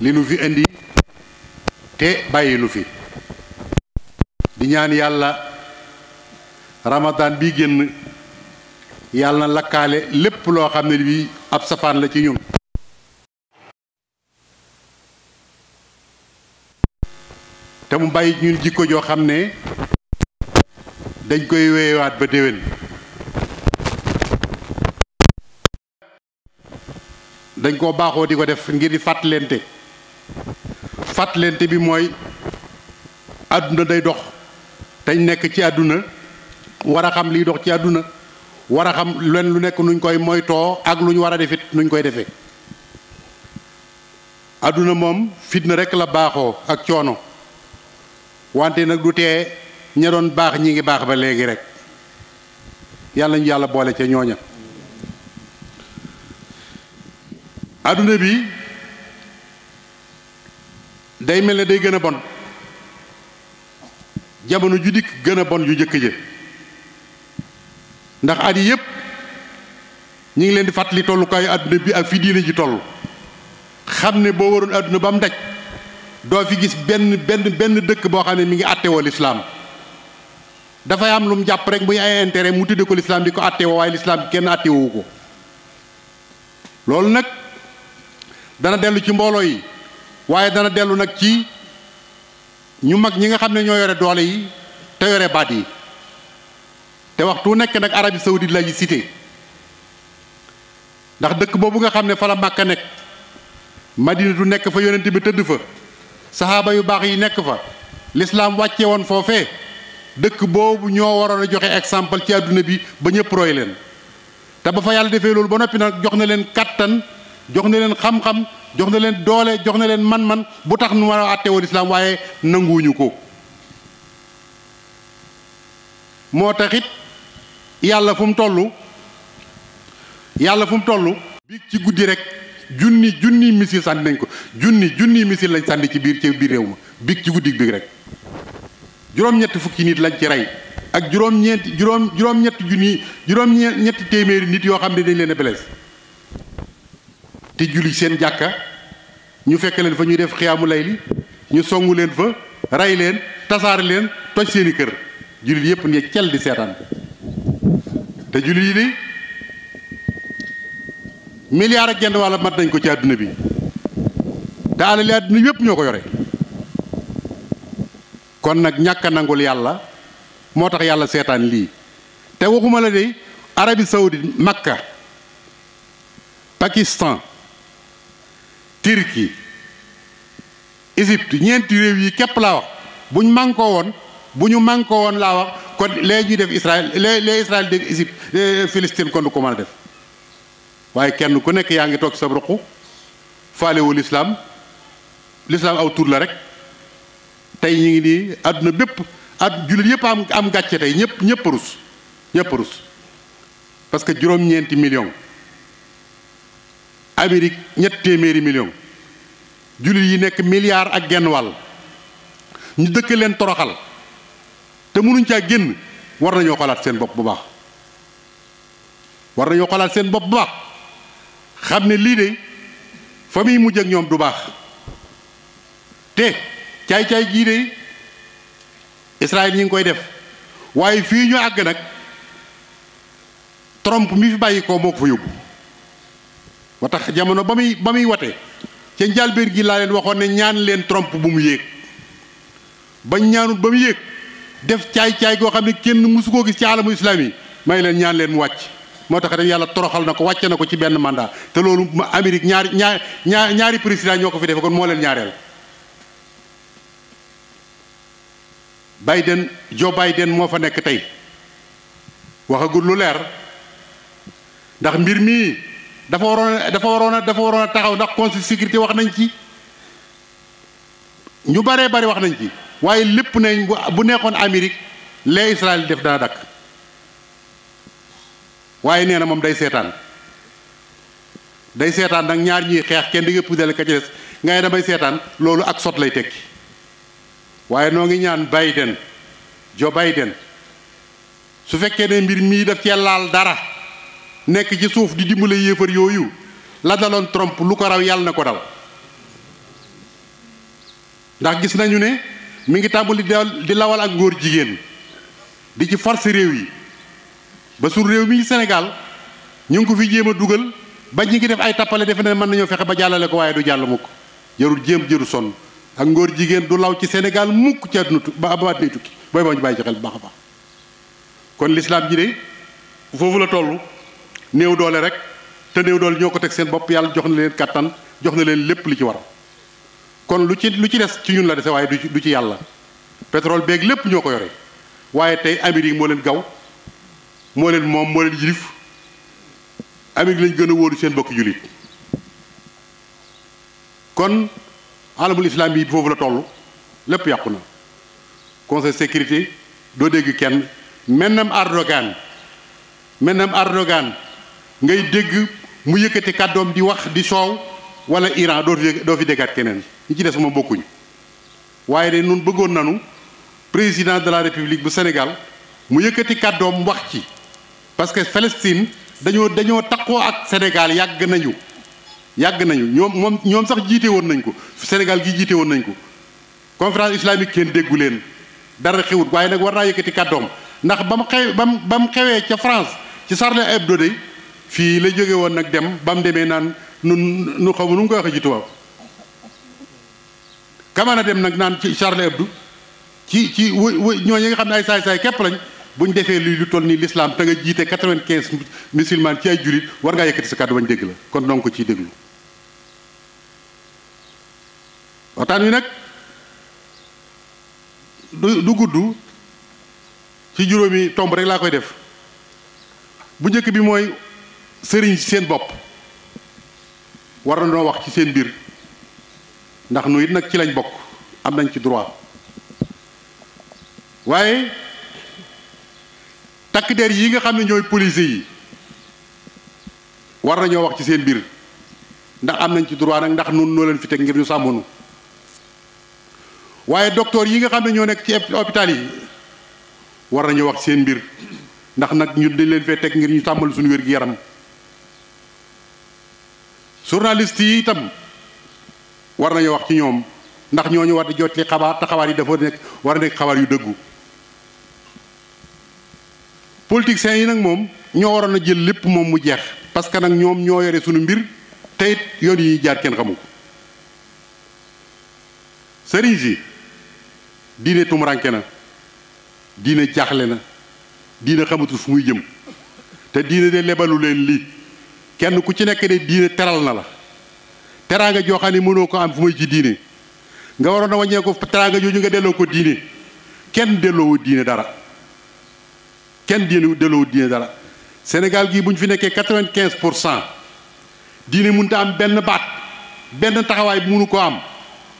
li nu fi indi te bàyyi fi di ñaan yàlla ramadaan bi génn yàlla na lakkaale lépp loo xam ne bi ab safaan la ci ñun te mu bàyyi ñu jikko joo xam ne dañ koy weewaat ba déwén dañ koo baaxoo di ko def ngir di fàttalente fàttalente bi mooy àdduna day dox dañ nekk ci àdduna war a xam liy dox ci àdduna war a xam len lu nekk nuñ koy moytoo ak lu ñu war a defit nuñ koy defee àdduna moom fitna rekk la baaxoo ak coono wante nag du tee ña doon baax ñi ngi baax ba léegi rek yàlla ñu yàlla boole ca ñooña àdduna bi day mel ne day gën a bon jamono ju dikk gën a bon yu jëkk ja ndax at yi yëpp ñu ngi leen di fàttali tollukaayu àdduna bi ak fi diine ji toll xam ne boo waroon àdduna ba mu daj doo fi gis benn benn benn dëkk boo xam ne mi ngi àttewoo lislaam dafay am lu mu jàpp rek muy ay intere mu tudde ko lislaam di ko àttewoo waaye lislaam kenn àttewowu ko loolu nag dana dellu ci mbooloo yi waaye dana dellu nag ci ñu mag ñi nga xam ne ñoo yore doole yi te yore baat yi te waxtu nekk nag Arabie Saoudite la yi ndax dëkk boobu nga xam ne fa la Màkka nekk Madina du nekk fa yonent bi tëdd fa saxaaba yu baax yi nekk fa lislaam wàcce woon foofee dëkk boobu ñoo waroon a joxe exemple ci àdduna bi ba ñëpp roy leen te ba fa yàlla defee loolu ba noppi nag jox na leen kàttan jox na leen xam-xam jox na leen doole jox na leen man-man bu tax nu war a àtteewoo lislaam waaye nanguwuñu ko moo taxit yàlla fu mu toll yàlla fu mu toll bi ci guddi rek junni junni misil sànni nañ ko junni junni misil lañ sànni ci ci biir réew ma big ci guddi bi rek juróom-ñetti fukki nit lañ ci rey ak juróom-ñeenti juróom juróom-ñetti junni juróom-ñetti téeméeri nit yoo xam ne dañ leen a blessé te julli seen jàkka ñu fekk leen fa ñuy def xiyaamu layli ñu songu leen fa rey leen tasaare leen toj seeni kër jullit yépp ni cel di seetaan te jullit yi di milliard ak genn wàlla mat nañ ko ci àdduna bi te alali àdduna yépp ñoo ko yore kon nag ñàkk a nangul yàlla moo tax yàlla seetaan lii te waxuma la de Arabie Saoudite Makka Pakistan Turquie Égypte ñeenti réew yi képp laa wax bu ñu mànkoo woon bu ñu mànkoo woon laa wax kon lee ñuy def Israël lee lee Israël dégg Égypte Philistine kon du ko mën a def waaye kenn ku nekk yaa ngi toog sa ruq faalewu lislaam lislaam aw tur la rek tey ñu ngi nii àdduna bépp at jullit yëpp am am gàcce tey ñëpp ñëpp rus ñëpp rus parce que juróom-ñeenti million Amérique ñett téeméeri million jullit yi nekk milliard ak genn wàll ñu dëkk leen toroxal te mënuñ caa génn war nañoo xalaat seen bopp bu baax war nañoo xalaat seen bopp bu baax xam ne lii de fa muy mujj ak ñoom du baax te caay-caay gii de Israël ñi ngi koy def waaye fii ñu àgg nag Trump mi fi bàyyi ko moo ko fa yóbbu moo tax jamono ba muy ba muy wate ca njàlbéen gi laa leen waxoon ne ñaan leen trompe bu mu yéeg ba ñaanut ba mu yéeg def caay-caay goo xam ne kenn mësu koo gis ci alamu islam yi may leen ñaan leen mu wàcc moo tax dañ yàlla toroxal na ko wàcce na ko ci benn mandat te loolu Amérique ñaari ñaar ñaar ñaari président ñoo ko fi defe kon moo leen ñaareel Biden Joe Biden moo fa nekk tey waxagul lu leer ndax mbir mii dafa waroon a dafa waroon a dafa waroon a taxaw ndax conseil sécurité wax nañ ci ñu baree bari wax nañ ci waaye lépp nañ bu nekkoon Amérique lee Israël def dana dakk waaye nee na moom day seetaan day seetaan nag ñaar ñuy xeex kenn di nga puudale ka ci des nga ne damay seetaan loolu ak sot lay tekki waaye noo ngi ñaan Biden Joe Biden su fekkee ne mbir mii def cee laal dara nekk ci suuf di dimbale yéefar yooyu la daloon tromp lu ko raw yàlla na ko dal ndax gis nañu ne mu ngi tàmbali di lawal ak góor jigéen di ci force réew yi ba suur réew mi Sénégal ñu ngi ko fi jéem a dugal ba ñu ngi def ay tappale defe ne mën nañoo fexe ba jàllale ko waaye du jàll mukk jarul jéem jëru sonn ak ngóor jigéen du law ci Sénégal mukk ci àdduna ba abaat nay tukki booy ba ñu bàyyi ci xel bu baax a kon lislaam ji de foofu la toll néew doole rek te néew doole ñoo ko teg seen bopp yàlla jox na leen kàttan jox na leen lépp li ci war kon lu ci lu ci des ci ñun la dese waaye du ci du ci yàlla pétrole beeg lépp ñoo ko yore waaye tey Amérique moo leen gaw moo leen moom moo leen yilif Amérique lañ gën a wóolu seen bokk jullit kon alamul islam yi foofu la toll lépp yàqu na conseil sécurité doo dégg kenn mennam Erdogan mennam Erdogan ngay dégg mu yëkkati kàddoom di wax di soow wala Iran doo fi doo fi déggaat keneen ñi ci des ma bokkuñu waaye de nun bëggoon nanu président de la république bu Sénégal mu yëkkati kàddoom wax ci parce que Palestine dañoo dañoo taqoo ak Sénégal yàgg nañu yàgg nañu ñoom moom ñoom sax jiite woon nañ ko Sénégal gi jiite woon nañ ko conférence islamique kenn déggu leen dara xewut waaye nag war naa yëkkati kàddoom ndax ba mu xew ba mu ba mu xewee ca France ci Charlie Hebdo fii lay jóge woon nag dem ba mu demee naan nu nu xaw nu mu ko waxee ci tubaab kamana dem nag naan ci Charlie Hebdo ci ci wu wu ñooñu xam ne ay saay-saay képp lañ buñ defee luy lu toll nii l'islam te nga jiite quatre-vingt-quinze musulman ci ay jurit war ngaa yëkkati sa kàddu bañ dégg la kon donk ci ciy déglu waxtaan wi nag du du gudd ci juróomi tomb rek laa koy def bu njëkk bi mooy sëriñ seen bopp war na noo wax ci seen mbir ndax nu it nag ci lañ bokk am nañ ci droit waaye takk der yi nga xam ne ñooy police yi war nañoo wax ci seen mbir ndax am nañ ci droit nag ndax nun noo leen fi teg ngir ñu sàmmonu waaye docteur yi nga xam ne ñoo nekk ci hôpital yi war nañoo wax seen mbir ndax nag ñun dañ leen fee teg ngir ñu sàmmal suñu wér-gi-yaram journaliste yi itam war nañu wax ci ñoom ndax ñoo ñu di jot li xabaar te xabaar yi dafa nekk war a nekk xabaar yu dëggu politiciens yi nag moom ñoo waroon a jël lépp moom mu jeex parce que nag ñoom ñoo yore suñu mbir te it yoon yi jaar kenn xamu ko sëriñ si diine tumuranke na diine jaaxle na diine xamatul fu muy jëm te diine de lebalu leen lii kenn ku ci nekk ne diine teral na la teraanga joo xam mënoo ko am fu ma ji diine nga waroon a wàññee ko teraanga ñu nga delloo ko diine kenn delloowu diine dara kenn diine delloowu diine dara Sénégal gii bu ñu fi nekkee quatre-vingt-quinze pour cent diine mënut a am benn baat benn taxawaay bu mënu ko am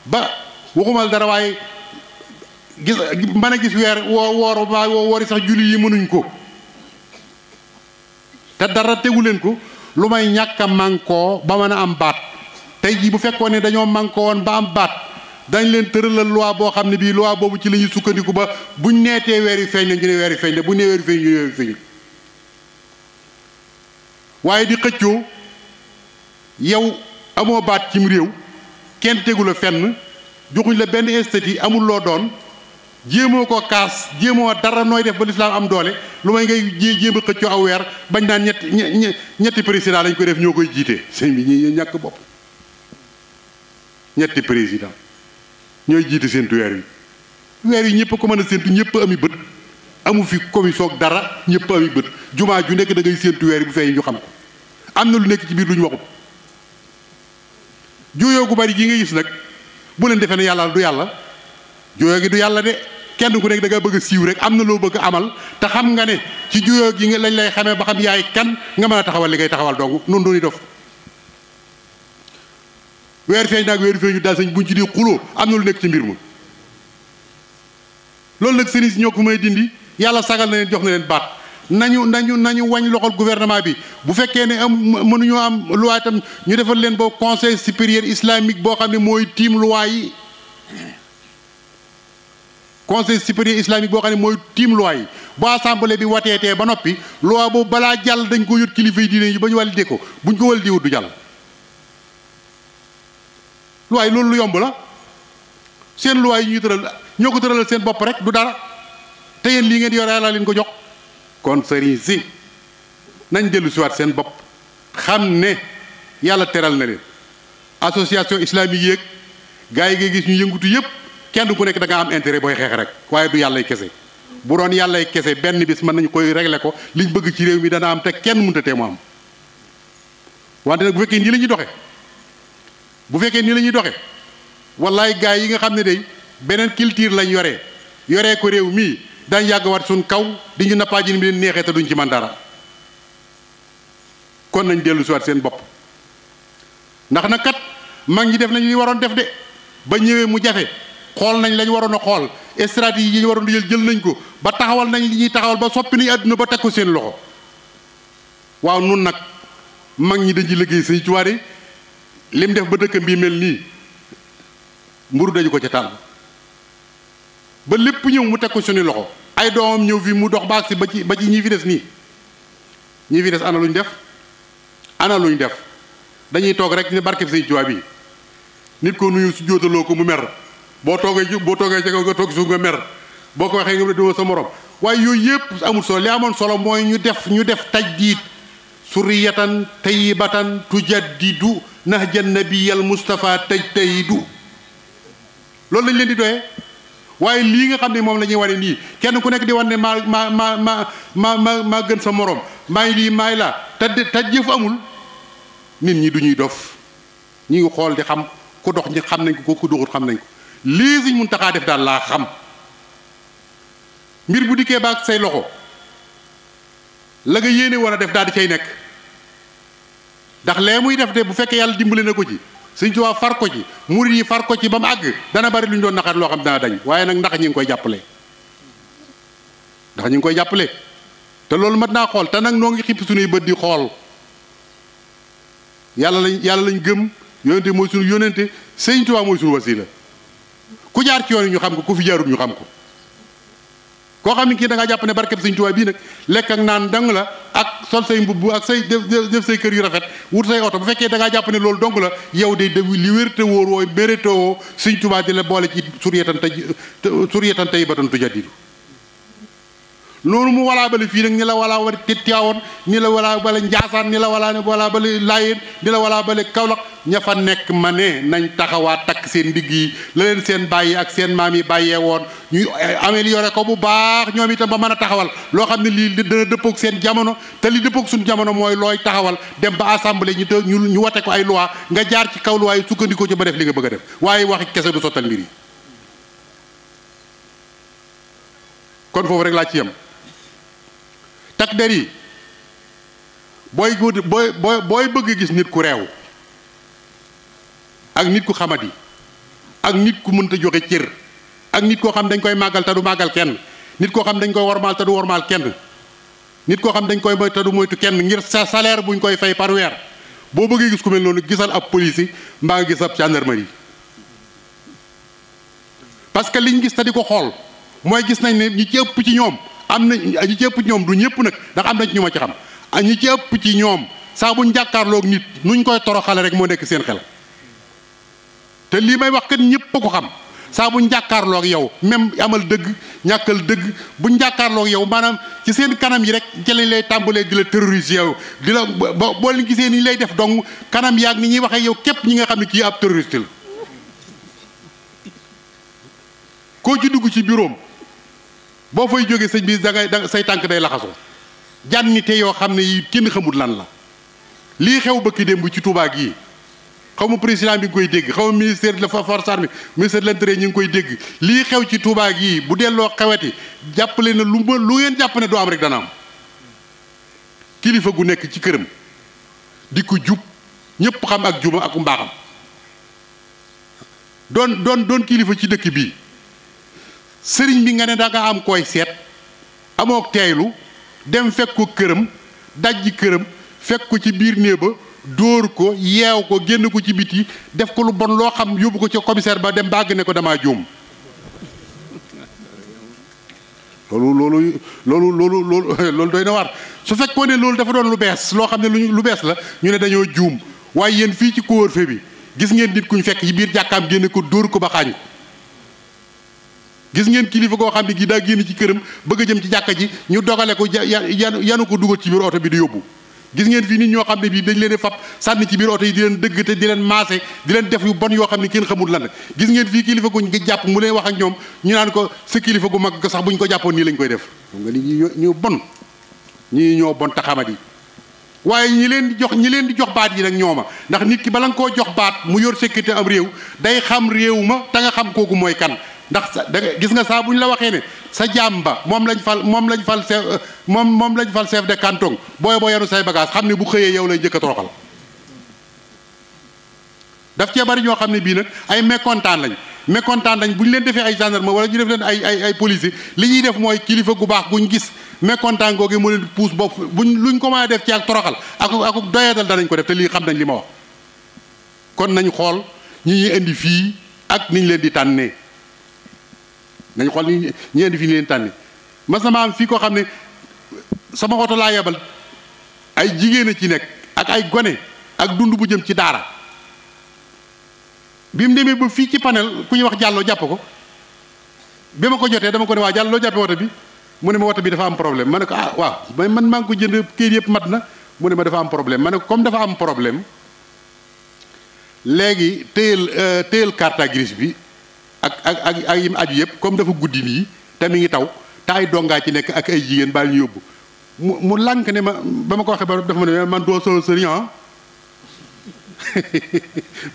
ba waxumal dara waaye gis mën a gis weer woo woor waa woo woori sax julli yi mënuñ ko te dara tegu leen ko lu may ñàkk a mànkoo ba mën a am baat tey jii bu fekkoon ne dañoo mànkoo woon ba am baat dañ leen tëralal loi boo xam ne bii loi boobu ci la sukkandiku ba buñ neetee weer yu feeñ la ñu ne weer yu feeñ la buñ ñu ne weer yu feeñ waaye di xëccoo yow amoo baat cim réew kenn tegu la fenn joxuñ la benn statut amul loo doon jéemoo ko kaas jéemoo dara nooy def ba lislaam am doole lu may ngay jé jéem a xëccoo aw weer bañ naan ñetti ñetti président lañ ko def ñoo koy jiite sëñ bi ñii ñàkk bopp ñetti président ñooy jiite seentu weer wi weer yi ñëpp ko mën a séentu ñëpp ami bët amu fi commission dara ñëpp ami bët jumaa nekk da ngay séentu weer yi bu feeñ ñu xam ko am na lu nekk ci biir lu ñu waxut juyoo gu bari gi nga gis nag bu leen defee ne yàlla du yàlla juyoo gi du yàlla de kenn ku nekk da bëgg a siiw rek am na loo bëgg amal te xam nga ne ci juyoo gi nga lañ lay xamee ba xam yaay kan nga mën a taxawal li ngay taxawal dong noonu dooni dof weer feeñ naag weer feeñu daal buñ ci di xuloo am na ci mbir ma loolu nag sëriñ si ñoo ko may dindi yàlla sagal na leen jox na leen baat nañu nañu nañu wañ loxol gouvernement bi bu fekkee ne am mënuñoo am loi itam ñu defal leen boobu conseil supérieur islamique boo xam ne mooy tiim loi yi conseil supérieur islamique boo xam ne mooy tiim loi boo bu assemblée bi wateetee ba noppi loi boobu balaa jàll dañ ko yót kilifa yi diine yi ba ñu walidee ko bu ñu ko walidee wut du jàll loi yi loolu lu yomb la seen loi yu ñuy tëral ñoo ko tëralal seen bopp rek du dara te lii ngeen yore yàlla leen ko jox kon sëriñ si nañ dellu siwaat seen bopp xam ne yàlla teral na leen association islamique yéeg gars yi ngay gis ñu yëngutu yépp kenn ku nekk da am intérêt booy xeex rek waaye du yàllay kese bu doon yàllay kese benn bis mën nañu koy régler ko liñ bëgg ci réew mi dana am te kenn mënta tee mu am wante nag bu fekkee nii la ñuy doxe bu fekkee nii lañuy ñuy doxe wallaay gars yi nga xam ne day beneen culture lañ yoree yoree ko réew mii dañ yàggawaat suñ kaw di ñu nappaajin bi leen neexee te duñ ci man dara kon nañ dellu siwaat seen bopp ndax nag kat mag ñi def nañu li waroon def de ba ñëwee mu jafe xool nañ lañ waroon a xool stratégie yi ñu waroon a jël jël nañ ko ba taxawal nañ li ñuy taxawal ba soppi nañ àdduna ba teg ko seen loxo waaw nun nag mag ñi dañuy liggéey sëñ Tuubaa yi lim def ba dëkkam bii mel nii mburu dañu ko ca tàll ba lépp ñëw mu teg ko suñu loxo ay doomam ñëw fii mu dox baag si ba ci ba ci ñi fi des nii ñi fi des ana luñ def ana luñ def dañuy toog rek ne barkeb sëñ Tuubaa bi nit ko nuyu su ko mu mer boo toogee ji boo toogee ci kaw nga toog suuf nga mer boo ko waxee nga ne sa morom waaye yooyu yëpp amul solo li amoon solo mooy ñu def ñu def taj tajdiid suriyatan tayyibatan tujaddidu nahjan nabiyal Mustafa tajtahidu loolu lañ leen di doyee waaye lii nga xam ne moom lañuy ñuy wane nii kenn ku nekk di wane ne maa ma ma maa ma maa gën sa moroom maa ngi lii maa ngi laa te taj jëf amul nit ñi du ñuy dof ñu ngi xool di xam ku dox ñi xam nañ ko ku doxul xam nañ ko. lii suñ mun taxaa def daal laa xam mbir bu dikkee baag say loxo la nga yéene war a def daal di cay nekk ndax lee muy def de bu fekkee yàlla dimbali na ko ci suñ tuwaa far ko ci murid yi far ko ci ba mu àgg dana bari lu ñu doon naxaat loo xam dana dañ waaye nag ndax ñi ngi koy jàppale ndax ñu ngi koy jàppale te loolu mat naa xool te nag noo ngi xippi suñuy bët di xool yàlla lañ yàlla lañ gëm yonente mooy suñu yonente sëñ Tuubaa mooy suñu wasila ku jaar ci yoon yi ñu xam ko ku fi jaarul ñu xam ko koo xam ne kii da jàpp ne barkeb sëñ Tuubaa bii nag lekk ak naan dang la ak sol say mbubb ak say def def say kër yu rafet wut say oto bu fekkee dangaa jàpp ne loolu dong la yow de de li wérte wóor wooy béréte woo sëñ Tuubaa di la boole ci suryetan tay suryetan tay batan tujadidu loolu mu walaa bale fii nag ni la walaa bale Tiwaawan ni la walaa bale Njaasaan ni la walaa walaa bale Laayeen ni la walaa bale Kawlax ña fa nekk ma ne nañ taxawaat takk seen ndigg yi la leen seen bàyyi ak seen maam yi bàyyee woon ñu amélioré ko bu baax ñoom itam ba mën a taxawal loo xam ne lii dana dëppoog seen jamono te li dëppoog suñu jamono mooy looy taxawal dem ba assemblée ñu te ñu ñu wate ko ay loi nga jaar ci kaw loi yi sukkandikoo ci ba def li nga bëgg a def waaye waxi kese du sottal kon foofu rek laa ci yem takk der yi booy wut booy booy booy bëgg gis nit ku réew ak nit ku xamadi ak nit ku mënta joxe cër ak nit koo xam dañ koy màggal te du màggal kenn nit koo xam dañ koy wormaal te du wormaal kenn nit koo xam dañ koy moy moytu kenn ngir sa salaire buñ koy fay par weer boo bëggee gis ku mel noonu gisal ab police mbaa nga gis ab gendarmerie parce que liñ gis te di ko xool mooy gis nañ ne ñi ci ëpp ci ñoom am na ñi ci ëpp ñoom du ñëpp nag ndax am na ñu ma ci xam ñi ci ëpp ci ñoom saabu buñ jàkkaarloog nit nuñ koy toroxale rek moo nekk seen xel te lii may wax kat ñëpp a ko xam saabu buñ yow même amal dëgg ñàkkal dëgg buñ jàkkaarloog yow maanaam ci seen kanam yi rek ci lañ lay di la terroriser yow di la boo boo leen gisee ni lay def dong kanam yaag ni ñuy waxee yow képp ñi nga xam ne kii ab terroriste la koo ci dugg ci bureau boo fay jógee sëñ bi da say tànk day laxasu te yoo xam ne yi kenn xamul lan la lii xew bëkki démb ci tubaak gii xaw ma président bi ngi koy dégg xaw ma ministère de la force armée ñu ngi koy dégg lii xew ci Touba gii bu delloo xeweti jàppale na lu lu ngeen jàpp ne doo am rek dana am kilifa gu nekk ci këram di ko jub ñépp xam ak juba ak mbaaxam doon doon doon kilifa ci dëkk bii sëriñ bi nga ne danga am koy seet amook teeylu dem fekk ko këram dajji këram fekk ko ci biir néeg ba dóor ko yeew ko génn ko ci biti def ko lu bon loo xam yóbbu ko ca commissaire ba dem bàgg ne ko damaa juum loolu loolu loolu loolu loolu loolu doy na war su fekkoo ne loolu dafa doon lu bees loo xam ne lu lu bees la ñu ne dañoo juum waaye yéen fii ci couvre-feu bi gis ngeen nit kuñ fekk ci biir jàkkaam génne ko dóor ko ba xaañ gis ngeen kilifa koo xam ne gi daa génn ci këram bëgg a jëm ci jàkka ji ñu dogale ko yan yanu ko dugal ci biir oto bi di yóbbu gis ngeen fii nit ñoo xam ne bii dañ leen di fab sànni ci biir oto yi di leen dëgg te di leen maase di leen def yu bon yoo xam ne kenn xamul lan gis ngeen fii kilifa gu ngi jàpp mu leen wax ak ñoom ñu naan ko sa kilifa gu mag sax bu ñu ko jàppoon nii lañ koy def xam nga li ñu bon ñu ñoo bon taxamat yi waaye ñi leen di jox ñi leen di jox baat yi nag ñooma ndax nit ki bala nga koo jox baat mu yor sécurité am réew day xam réew ma te nga xam kooku mooy kan ndax sa da gis nga saa bu ñu la waxee ne sa jaam ba moom lañ fal moom lañ fal chef euh, moom moom lañ fal chef de canton booy boo yenu say bagage xam ne bu xëyee yow lay njëkk a toroxal daf cee bari ñoo xam ne bii nag ay mekkontaan lañ mécontent lañ bu ñu leen defee ay ma wala ñu def leen ay ay ay policier li ñuy def mooy kilifa gu baax ñu gis mécontent googu mu leen puus bopp buñ luñ ko mën a def ci ak toroxal ak ak doyeetal danañ ko def te lii xam nañ li ma wax kon xool ñi indi fii ak niñ leen di tànnee nañ xool ni ñeenti fi ñu leen tànne mas na ma am fii koo xam ne sama oto laa yebal ay jigéen a ci nekk ak ay gone ak dund bu jëm ci daara bi mu demee fii ci panel ku ñuy wax jàlloo jàpp ko bi ko jotee dama ko ne waa jàll loo bi mu ne ma woto bi dafa am problème ma ne ko ah waaw man man maa ngi ko jënd kayit yëpp mat na mu ne ma dafa am problème ma ne ko comme dafa am problème léegi téyel euh, téyel carte grise bi ak ak ak ak yim aju yëpp comme dafa guddi nii te mi ngi taw te ay dongaa ci nekk ak ay jigéen baal ñu yóbbu mu mu lànk ne ma ba ma ko waxee ba dafa ma ne man doo solo sëriñ ah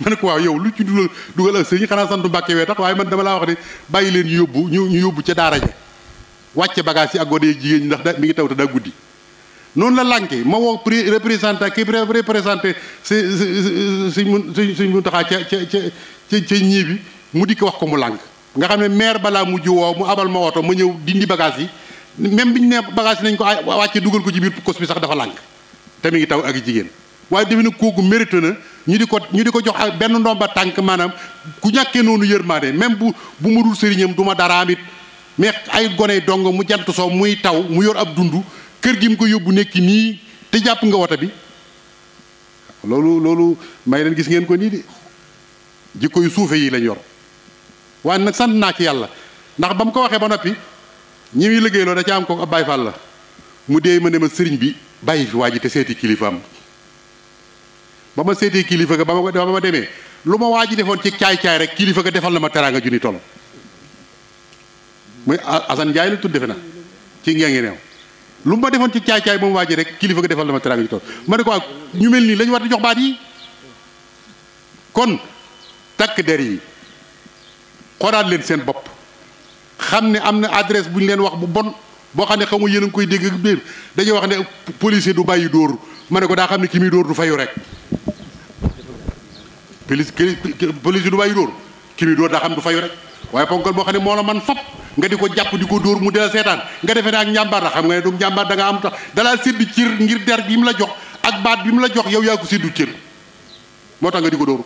ma ko waaw yow lu ci dugal dugal ak sëriñ xanaa santu mbàkke wee tax waaye man dama laa wax ne bàyyi leen ñu yóbbu ñu ñu yóbbu ca daara ja wàcce bagage yi ak gone jigéen ñi ndax da mi ngi taw te daa guddi noonu la lànke ma woo pré représentant ki représenté si si suñ si si si si ñii bi mu dikk wax ko mu làng nga xam ne maire balaa mujj woo mu abal ma woto ma ñëw dindi bagage yi même bi ñu ne bagage yi nañ ko wàcce dugal ko ci biir kos bi sax dafa làng te mi ngi taw ak jigéen waaye defe na kooku mérite na ñu di ko ñu di ko jox ak benn ndomba tànk maanaam ku ñàkkee noonu yërmaande même bu bu ma dul sëriñam du ma daraam it mais ay gone dong mu jant soo muy taw mu yor ab dund kër gi mu ko yóbbu nekk nii te jàpp nga woto bi loolu loolu may leen gis ngeen ko nii yu suufe yi lañ yor waaye nag sant naa ci yàlla ndax ba mu ko waxee ba noppi ñi muy liggéeyloo da ca am ko Baay Faal la mu dee ma ne ma sëriñ bi bàyyi fi waa ji te seeti kilifaam ba ma seetee kilifa ga ba ma demee lu ma waa ji defoon ci caay-caay rek kilifa ga defal na ma teraanga junni toll muy Assane Ndiaye la tudd defe na ci ngee ngi lu ma defoon ci caay-caay moom waa ji rek kilifa ga defal na ma teraanga junni toll ma ne ko ak ñu mel nii lañu war di jox baat kon takk der yi xoolaat leen seen bopp xam ne am na adresse bu ñu leen wax bu bon boo xam ne xamu yéen a koy dégg ak biir dañuy wax ne policier du bàyyi dóor ma ne ko daa xam ne ki muy dóor du fayu rek policier du bàyyi dóor ki muy dóor daa xam du fayu rek waaye ponkal boo xam ne moo la man fop nga di ko jàpp di ko dóor mu dela seetaan nga defe ne ak njàmbaar la xam nga ne du njàmbaar danga am tax dalaa séddu cër ngir der bi mu la jox ak baat bi mu la jox yow yaa ko séddu cër moo tax di ko dóoru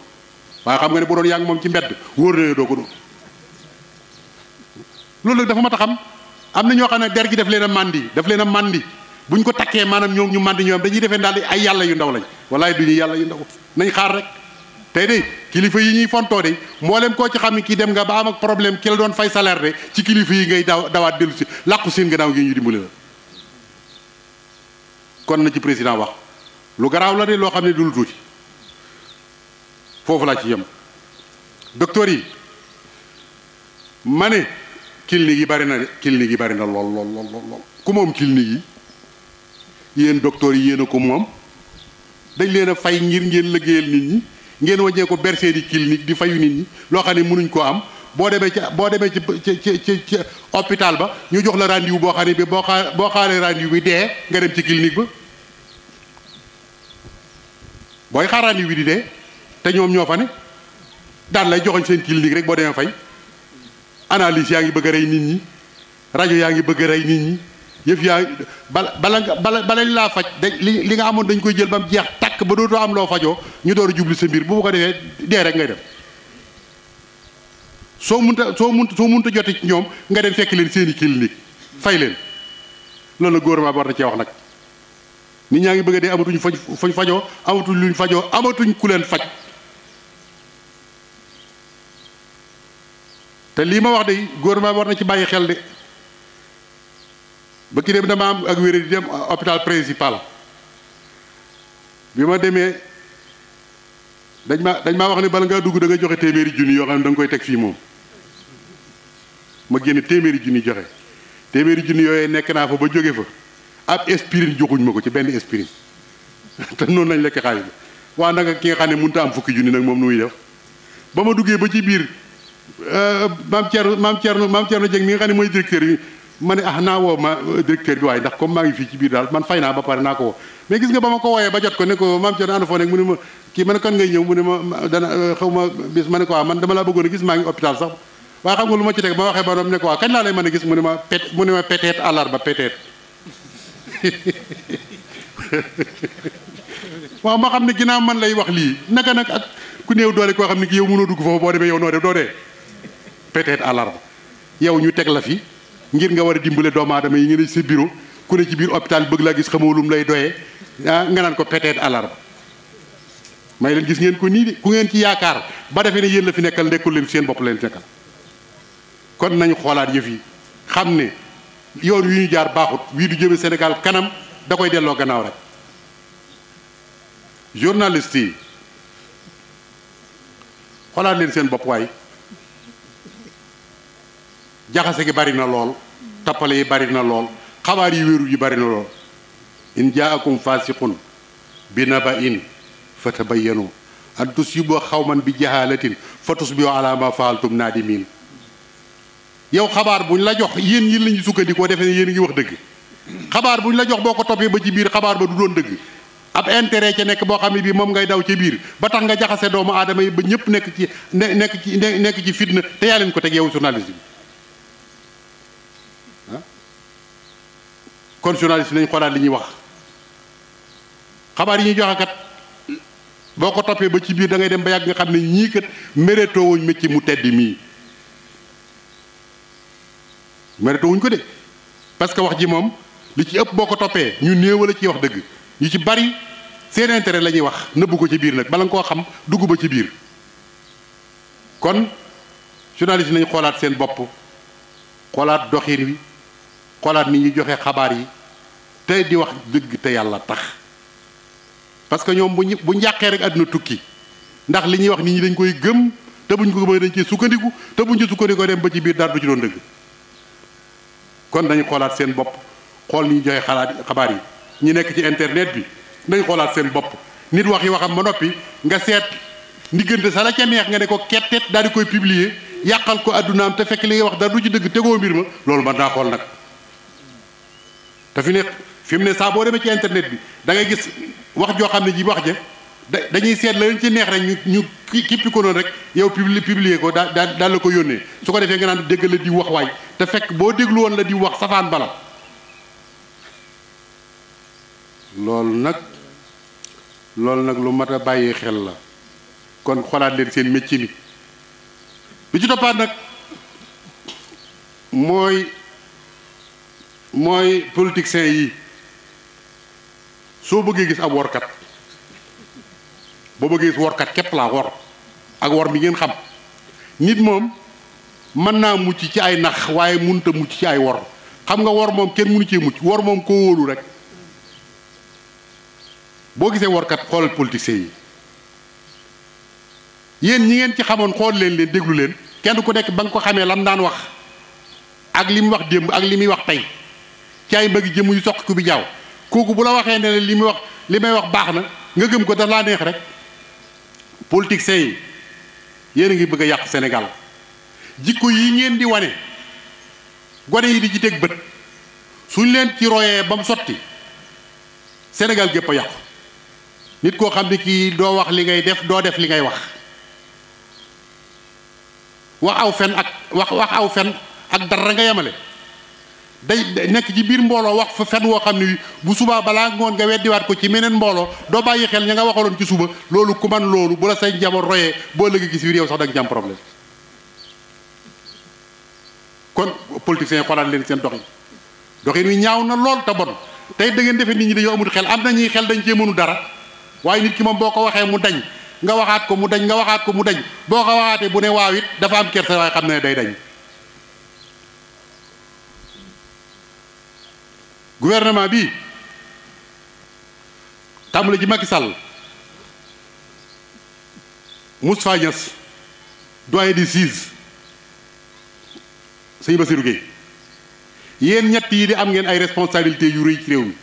waaye xam nga ne bu moom ci mbedd wóor na doo loolu nag dafa mat a xam am na ñoo xam ne der gi daf leen a màndi daf leen a màndi bu ñu ko takkee maanaam ñoom ñu màndi ñoom dañuy defee daal di ay yàlla yu ndaw lañ walaay du ñu yàlla yu ndaw nañ xaar rek tey de kilifa yi ñuy fontoo de mboolem koo ci xam ne kii dem nga ba am ak problème ki la doon fay salaire de ci kilifa yi ngay daw dawaat dellu si làqu seen gannaaw gi ñu dimbali la kon na ci président wax lu garaaw la de loo xam ne du lu tuuti foofu laa ci yem docteur yi ma clinique yi bari na clinique yi bari na lool lool lool lool ku moom clinique yi yéen docteur yi yéen a ko moom dañ leen a fay ngir ngeen liggéeyal nit ñi ngeen wàññee ko berse di clinique di fayu nit ñi loo xam ne mënuñ koo am boo demee ci boo demee ci ci ci ci hôpital ba ñu jox la rendez boo xam ne bi boo xaa boo xaaree rendez-vous bi dee nga dem ci clinique ba booy xaar rendez bi di dee te ñoom ñoo fa ne daan lay joxoñ seen clinique rek boo demee fay analyse yaa ngi bëgg rey nit ñi rajo yaa ngi bëgg rey nit ñi yëf yaa bala bala nga bala balañ laa faj dañ li li nga amoon dañ koy jël ba mu jeex takk ba dootoo am loo fajoo ñu door a jubli sa mbir bu ko defee dee rek ngay dem soo munta soo munta soo munta jote ci ñoom nga dem fekk leen seeni clinique fay leen loolu góor gouvernement bi war na wax nag nit ñaa ngi bëgg a dee amatuñ fañ fañ fajoo amatuñ luñ fajoo amatuñ ku leen faj te lii ma wax de gouvernement war na ci bàyyi xel de ba ki dem dama am ak wéré di dem hôpital principal bi ma demee dañ ma dañ maa wax ne bala ngaa dugg da nga joxe téeméeri junni yoo xam ne koy teg fii moom ma génne téeméeri junni joxe téeméeri junni yooyu nekk naa fa ba jóge fa ab aspirine joxuñ ma ko ci benn aspirine te noonu lañ lekk xaalis bi waa nag ki nga xam ne mënut a am fukki junni nag moom nu muy def ba ma duggee ba ci biir. Euh, maam Thierno maam Thierno maam Thierno Dieng mi nga xam ne mooy directeur bi ma ne ah naa woo ma euh, directeur bi waaye ndax comme maa ngi fii ci biir daal man fay naa ba pare naa ko woo mais gis nga ba ma ko wooyee ba jot ko ne ko maam Thierno ne ma kii ma ne euh, ma ne ko waaw ah, dama laa bëggoon gis maa ngi hôpital sax waaye xam nga lu ma ci teg waxee ba doom ne ko waaw ah, kañ laa lay mën a gis mu ne ma pet mu ne ma waaw ma xam ne ginnaaw man lay wax lii naka nag ak ku néew doole koo xam ne ki yow mënoo dugg foofu boo demee yow noo def doo dee peut-être yow ñu teg la fi ngir nga war a dimbale doomaadama yi nga ne si bureau ku ne ci biir hôpital bëgg laa gis xamoo lu mu lay doyee ah nga naan ko peut-être à may leen gis ngeen ko nii de ku ngeen ci yaakaar ba defee ne yéen la fi nekkal nekkul leen seen bopp leen nekkal kon nañu xoolaat yëf yi xam ne yoon wi ñu jaar baaxut wii du jëme senegal kanam da koy delloo gannaaw rek journaliste yi xoolaat leen seen bopp waay jaxase ki bari na lool tappale yi bari na lool xabaar yi wérul yi bari na lool in jaakum fasiqun bi naba'in fatabayyanu an tusibu xawman bi jahalatin fa tusbihu ala ma faaltum naadimin yow xabaar buñ la jox yéen yi lañu sukkandikoo defe ne yéen ngi wax dëgg xabaar buñ la jox boo ko toppee ba ci biir xabaar ba du doon dëgg ab intérêt ca nekk boo xam ne bii moom ngay daw ca biir ba tax nga jaxase doomu aadama yi ba ñëpp nekk ci ne nekk ci nekk ci fitna te leen ko teg yow journaliste bi kon journaliste nañ xoolaat li ñuy wax xabaar yi ñuy joxe kat boo ko toppee ba ci biir da ngay dem ba yàgg nga xam ne ñii kat mérétoo wuñ métier mu tedd mii mérétoo wuñ ko de parce que wax ji moom li ci ëpp boo ko toppee ñu néew la ci wax dëgg ñu ci bari seen intérêt la ñuy wax nëbbu ko ci biir nag bala nga koo xam dugg ba ci biir kon journaliste nañ xoolaat seen bopp xoolaat doxin wi xoolaat ni ñuy joxe xabaar yi tey di wax dëgg te yàlla tax parce que ñoom bu ñu bu njàqee rek àdduna tukki ndax li ñuy wax nit ñi dañ koy gëm te buñ ko gëmee dañ ci sukkandiku te buñ ci ko dem ba ci biir dara du ci doon dëgg kon nañu xoolaat seen bopp xool ni ñuy joxe xalaat xabaar yi ñu nekk ci internet bi nañ xoolaat seen bopp nit wax yi waxam ba noppi nga seet ndiggante sa la ca neex nga ne ko kettet daal di koy publier yàqal ko addunaam te fekk li nga wax dara ci dëgg tegoo mbir ma loolu mën naa xool te fi ne fi mu ne saa boo demee ci internet bi dangay gis wax joo xam ne ji wax ja dañuy seet la leen ci neex rek ñu ñu kippi ko noonu rek yow publi publier ko daa daal la ko yónnee su ko defee nga naan dégg la di wax waay te fekk boo déglu woon la di wax safaan bala loolu nag loolu nag lu mat a bàyyi xel la kon xoolaat leen seen métier mi bi ci toppaat nag mooy mooy politiciens yi soo bëggee gis ab workat boo bëggee gis workat képp laa wor ak wor bi ngeen xam nit moom mën naa mucc ci ay nax waaye mënut a mucc ci ay wor xam nga wor moom kenn mënu cee mucc wor moom koo wóolu rek boo gisee workat xoolal politiciens yi yéen ñi ngeen ci xamoon xool leen leen déglu leen kenn ku nekk ba nga ko xamee lam daan wax ak li muy wax démb ak li muy wax tey caay ay mbëgg jëm yu soq ku bi jaaw kooku bu la waxee ne li muy wax li may wax baax na nga gëm ko daf laa neex rek politiciens yi yéen a ngi bëgg a yàq senegal jikko yi ngeen di wane gone yi di ci teg bët suñ leen ci royee ba mu sotti senegal gépp a yàqu nit koo xam ne kii doo wax li ngay def doo def li ngay wax wax aw fen ak wax wax aw fen ak dara nga yemale day nekk ci biir mbooloo wax fa fen woo xam ne bu subaa balaa ngoon nga weddiwaat ko ci meneen mbooloo doo bàyyi xel ña nga waxaloon ci suba loolu ku man loolu bu la say njaboot royee boo lëgg gis biir yow sax da nga ci am problème kon politiciens xoolaat leen seen doxin doxin wi ñaaw na lool te bon tey da ngeen nit ñi dañoo amul xel am na ñuy xel dañ cee mënu dara waaye nit ki moom boo ko waxee mu dañ nga waxaat ko mu dañ nga waxaat ko mu dañ boo ko bu ne waaw it dafa am kersa waaye xam ne day dañ gouvernement bi tàmbali ji Macky Sall Moustapha Niass doyen di siis sëñ Bassirou Gueye yéen ñett yi di am ngeen ay responsabilité yu rëy réew mi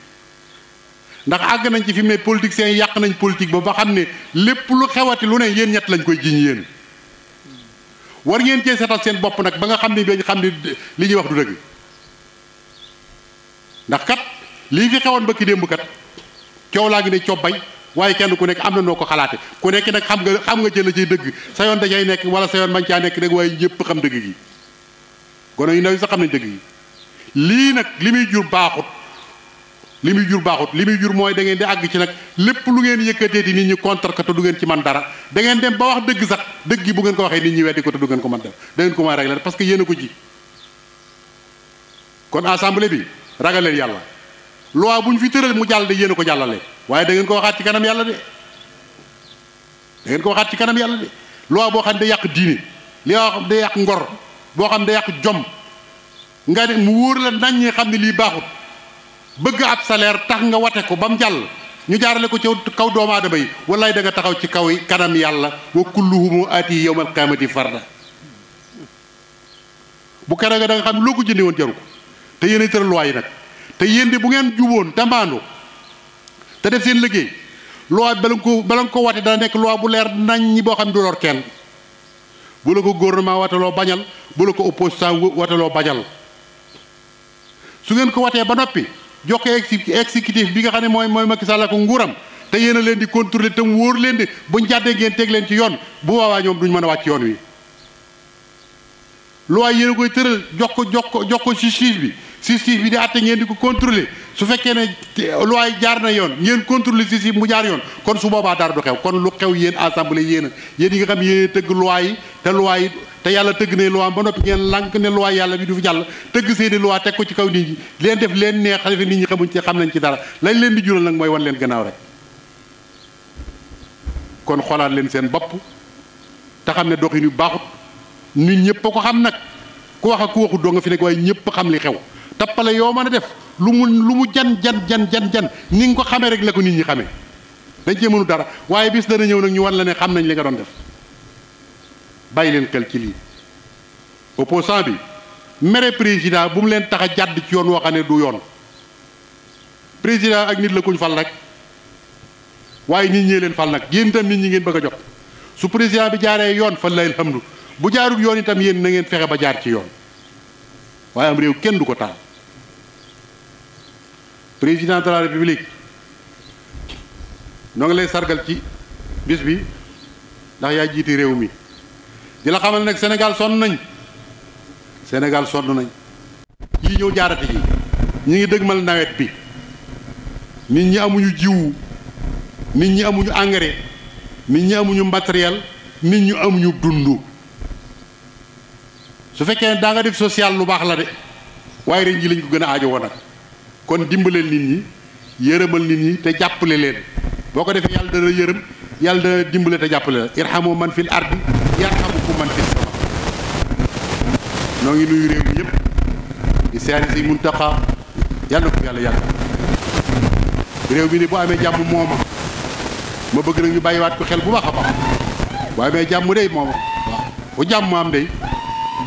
ndax àgg nañ ci fi mu ne politiciens yi yàq nañ politique ba ba xam ne lépp lu xewati lu ne yéen ñett lañ koy jiñ yéen war ngeen cee setal seen bopp nag ba nga xam ne bañ xam ne li ñuy wax du dëgg ndax kat lii fi xewoon bëkki démb kat coow laa ngi ne cobbay waaye kenn ku nekk am na noo ko xalaate ku nekk nag xam nga xam nga jëla ciy dëgg sa yoon dajay nekk wala sa yoon man caa nekk rek waaye ñëpp xam dëgg gi gono yu ndaw yi sax xam nañ dëgg lii nag li muy jur baaxut li muy jur baaxut li muy jur mooy da ngeen di àgg ci nag lépp lu ngeen yëkkatee di nit ñi contre ko te du ngeen ci man dara da ngeen dem ba wax dëgg sax dëgg bu ngeen ko waxee nit ñi weddi ko te du ngeen ko man dara da ko mën a régler parce que yéen a ko ji kon bi ragal yàlla loi bu ñu fi tëral mu jàll de yéen ko jàllale waaye da ngeen ko waxaat ci kanam yàlla de da ko waxaat ci kanam yàlla de loi boo xam ne day yàq diine li xam day yàq ngor boo xam ne day yàq jom nga ne mu wóor la nañ ñi xam ne lii baaxut bëgg ab salaire tax nga wate ko ba mu jàll ñu jaarale ko ci kaw doomu aadama yi wallaay da nga taxaw ci kaw kanam yàlla wa kulluhumu aati yawmal qiyaamati farda bu keroog da nga xam loo ko jëndee woon jaru te yéen ay tëral loi yi nag te yéen di bu ngeen juboon te mbaandu te def seen liggéey loi bala nga ko bala nga ko dana nekk loi bu leer nañ ñi boo xam ne du lor kenn bu la ko gouvernement wateloo bañal bu la ko oppo opposition wateloo bañal su ngeen ko watee ba noppi jox ko exécutif bi nga xam ne mooy mooy Macky Sall ko nguuram te yéen leen di contrôler te mu wóor leen di buñ jàddee ngeen teg leen ci yoon bu waawaa ñoom duñ mën a wàcc yoon wi loi yéen a koy tëral jox ko jox ko jox ko justice bi justice bi di àtte ngeen di ko contrôler su fekkee ne loi jaar na yoon ngeen contrôler justice mu jaar yoon kon su boobaa dara du xew kon lu xew yéen assemblée yéen a yéen yi nga xam yéen tëgg loi yi te loi te yàlla tëgg ne loi ba noppi ngeen lànk ne loi yàlla bi du fi jàll tëgg seeni loi teg ko ci kaw nit ñi leen def leen neex defe nit ñi xamuñ ci xam nañ ci dara lañ leen di jural nag mooy wan leen gannaaw leen seen bopp te xam ne doxin yu baaxut nit ñëpp ko xam nag ku wax ak ku waxut doo nga fi nekk waaye ñëpp xam li xew tappale yoo man a def lu mu lu mu jan jan jan jan jan ni nga ko xamee rek la ko nit ñi xamee dañ cee dara waaye bis dana ñëw nag ñu wan la ne xam nañ li nga doon def bàyyi leen xel ci lii bi mere président bu mu leen tax a jàdd ci yoon wax xam ne du yoon président ak nit la kuñ fal rek waaye nit ñee leen fal nag yéen itam nit ñi ngeen bëgg a jot su président bi jaaree yoon fa lay alhamdu bu jaarul yoon itam yéen na ngeen fexe ba jaar ci yoon waaye am réew kenn du ko taal président de la république noo ngi lay sargal ci bis bi ndax yaa jiiti réew mi di la xamal nag Sénégal sonn nañ Sénégal sonn nañ yi ñëw jaarati ji ñi ngi dëgmal nawet bi nit ñi amuñu jiwu nit ñi amuñu engrais nit ñi amuñu matériel nit ñi amuñu dund su fekkee daa nga def social lu baax la de waaye ren ji lañ ko gën a ajo nag kon dimbaleel nit ñi yërëmal nit ñi te jàppale leen boo ko defee yàlla dana yërëm yal dana dimbale te jàppale la irhamu man fil ardi yarhamukum man fis sama noo ngi nuyu réew mi yëpp di seeri si muntaqa yàlla ko yàlla yàgg réew mi ni bu amee jàmm mooma ma bëgg nag ñu bàyyiwaat ko xel bu baax a baax bu amee jàmm day mooma waaw bu jàmm am day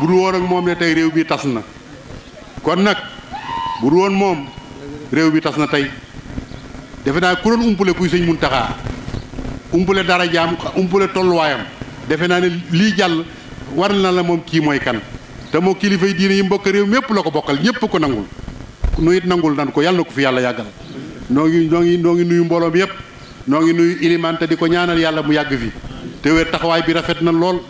bu dul woon ak moom ne tey réew bi tas na kon nag bu dul woon moom réew bi tas na tey defe naa ku doon umpale kuy sëñ Muntaxa umpale dara jaam umpale tolluwaayam defe naa ne lii jàll war na la moom kii mooy kan te moo kilifa yi diine yi mbokk réew mépp la ko bokkal ñépp ko nangul nu it nangul nan ko yàlla na ko fi yàlla yàggal noo ngi noo ngi ngi nuyu mbooloom yépp noo ngi nuyu ilimaan te di ko ñaanal yàlla mu yàgg fi te wér taxawaay bi rafet na lool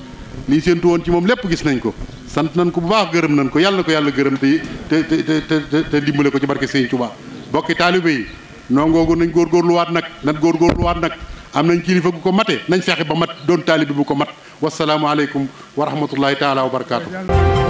liñ séentu woon ci moom lépp gis nañ ko sant nañ ko bu baax gërëm nañ ko yàlla na ko yàlla gërëm te te te te te dimbale ko ci barke Sëriñ Tuubaa bokki taalibe yi nongoogu nañ góorgóorluwaat nag nañ góorgóorluwaat nag am nañ kilifa gu ko mate nañ fexe ba mat doon taalibe bu ko mat wasalaamualeykum wa rahmatullahi taala wa barakaatu.